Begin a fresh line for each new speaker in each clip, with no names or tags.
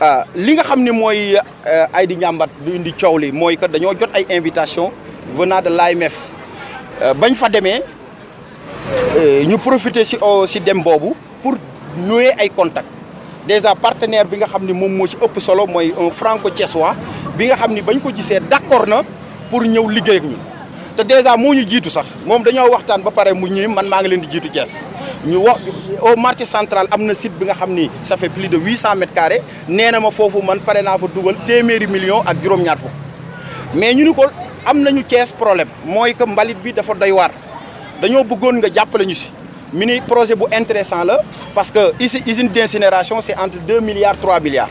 Euh, li nga xam moy euh, que jot ay invitation venant de l'IMF euh, bagn fa démé ñu profiter ci dem pour nouer ay contact Des partenaire bi nga ci solo un franco-thiessois bi nga d'accord na pour nous liggéey te ne sais sax mom dañoo waxtaan ba paré mu man leen di au marché central amna site bi nga ça fait plus de 800 mètres carrés ma fofu man paré na fa millions ak mais ñu ni ko am nañu un problème moy que mbalit bi dafa doy war dañoo bëggoon nga jappalé ñu projet intéressant parce que ici d'incinération c'est entre 2 milliards 3 milliards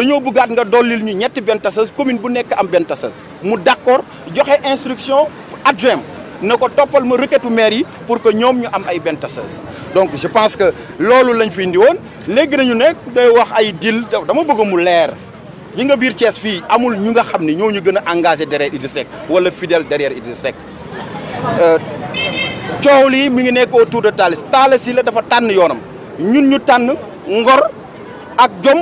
dañoo bëggaat nga dollil ñu ñetti benn commune bu nekk am benn tasseuse mu d'accord joxe instruction adjoint na ko toppal ma requête maire yi pour que ñoom ñu am ay benn donc je pense que loolu lañ fi indi woon léegi nañu nekk day wax ay deal dama bëgg mu leer ñi nga biir Thiès fii amul ñu nga xam ne ñoo ñu gën a engagé derrière Idrissa wala fidèle derrière Idrissa Seck euh, coow lii mi ngi nekk autour de Talla Sylla Talla la dafa tànn yoonam ñun ñu tànn ngor ak jom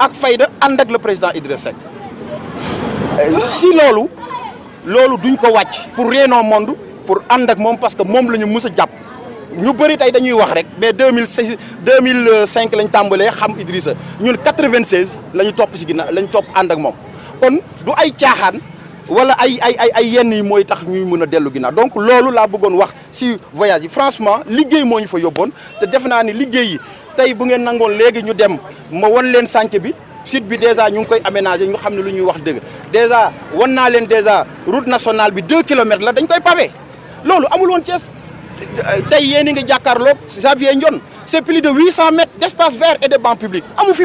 ak fayda le président Idrissa euh, si lolo, lolo duñ ko pour rien au monde pour ànd ak parce que nous la dit. Nous ñu dañuy mais 2006 2005 lañ tambalé xam Idrissa ñun 96 Nous top ci si top en nous du wala ay ay ay yenn yi moy tax ñuy donc loolu la bëggoon wax si voyage yi franchement liggéey moo fa yobone te def ni liggéey yi vous bu ngeen nangoon ñu dem ma won leen santé bi site bi déjà ñu koy aménager ñu xamni lu ñuy wax déjà route nationale bi 2 kilomètres la dañ koy pavé loolu amul won Thiès vous nga jakarlo c'est plus de 800 mètres d'espace vert et de bancs public. amu fi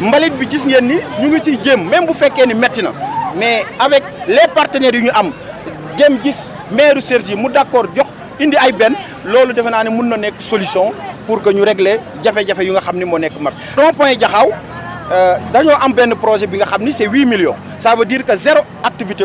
mbalit bi nous même bu ni mais avec les partenaires yu am gis maire sergi, d'accord jox indi ay benn loolu là solution pour que ñu régler les problèmes. yu point euh, projet bi nga c'est millions ça veut dire que zéro activité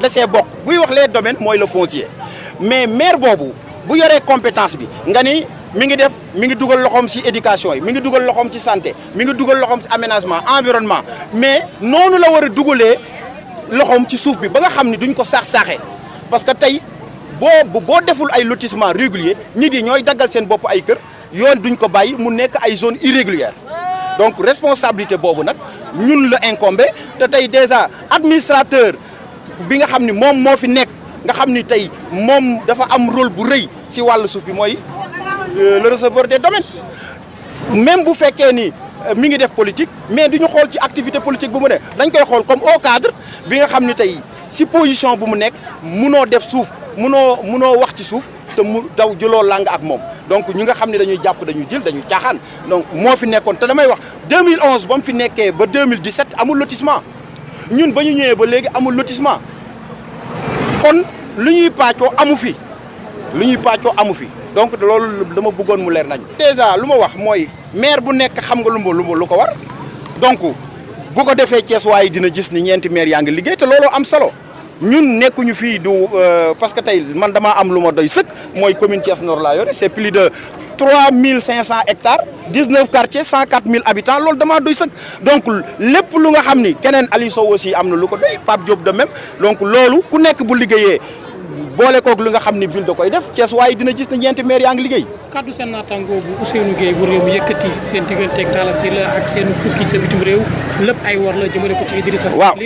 da see bokk buy wax les domaines moi le foncier mais maire boobu bu yoree compétence bi nga ni mi ngi def mi ngi dugal loxoom ci éducation yi mi ngi dugal ci santé mi ngi dugal loxoom ci aménagement environnement mais noonu la wara dougalé loxom ci souf bi ba nga xamni duñ ko sax saxé parce que tay boo bo deful ay lotissement régulier nit yi ñoy daggal sen bop ay kër yoon duñ ko bàyyi mu nekk ay zone irrégulière donc responsabilité boobu nak ñun la incombé te tay déjà administrateur bi nga xamni mom mo fi nek nga xamni tay mom dafa am rôle bu reuy ci walu souf bi moy euh, le recevoir des domaines même bu fekke ni euh, mi ngi def politique mais duñu xol ci activité politique bu mu ne dañ koy xol comme au cadre bi nga xamni tay ci si position bu mu nek munoo def souf munoo munoo wax ci souf te mu daw jëloo lang ak mom donc ñi nga xamni ne dañuy japp dañuy jël dañuy caaxaan donc mo fi nekkoon te damay wax 2011 bam fi nekké ba 2017 amul lotissement ñun ba ñu ñëwee ba léegi amul lotissement kon lu ñuy pàccoo amu fi lu ñuy pàccoo amu fi donc loolu dama buggoon mu leer nañ déjà lu ma wax mooy maire bu nekk xam nga lu ma lu ko war donc bu ko defee Cees waaye dina jis ni ñeenti maire yaa ngi liggéey te looloo am solo nous ne sommes pas ici, parce que je suis commune de Nord là, c'est plus de 3500 hectares, 19 quartiers, 104 000 habitants, Donc, les que vous savez, quelqu'un a aussi, Pape Diop de même, donc c'est ce que vous boole koog li nga xam ni ville da koy def Thiès waaye dina gis ne ñeenti maire yaa ngi liggéey. kaddu seen naataangoo bu Ousseynou Gueye bu réew mi yëkkati ak lépp ay war la jëmale ko ci Idrissa Seck. waaw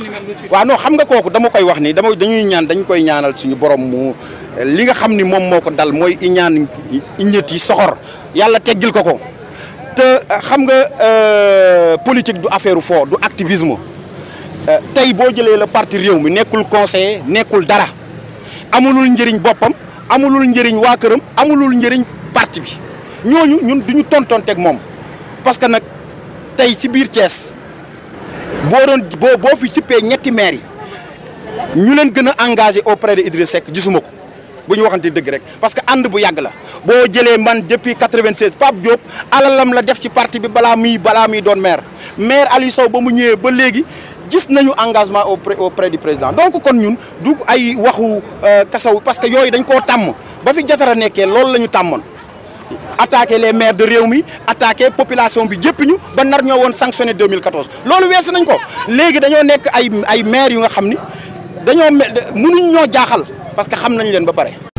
waaw xam nga kooku dama koy wax ni dama dañuy ñaan dañ koy ñaanal suñu borom mu li nga xam ni moom moo ko dal mooy iñaan iññeet yi soxor yàlla teggil ko ko te xam nga euh, politique du affaire foo du activisme euh, tey boo jëlee la parti réew mi nekkul conseiller nekkul dara. amulul njëriñ boppam amulul njëriñ waa këram amulul njëriñ parti bi ñooñu ñun duñu tontonteeg moom parce que nag tey si biir Thiès boo doon boo boo fi sippee ñetti maire yi ñu leen gën a engagé auprès de Idriss Seck gisuma ko bu ñu waxante dëgg rek parce que ànd bu yàgg la boo jëlee man depuis 96 Pape Diop alalam la def ci parti bi balaa muy balaa muy doon maire maire Aliou ba mu ñëwee ba léegi gis nañu engagement au auprès du président donc kon ñun du ay waxu euh, kasaw parce que yooyu dañ koo tàmm ba fi jatara nekkee loolu la ñu tàmmoon attaquer les maires de réew mi attaquer population bi jëpp ñu ba nar ñoo woon sanctionné 2014 loolu wees nañ ko léegi dañoo nekk ay ay maires yu nga xam ni dañoo mënuñ ñoo jaaxal parce que xam nañ leen ba pare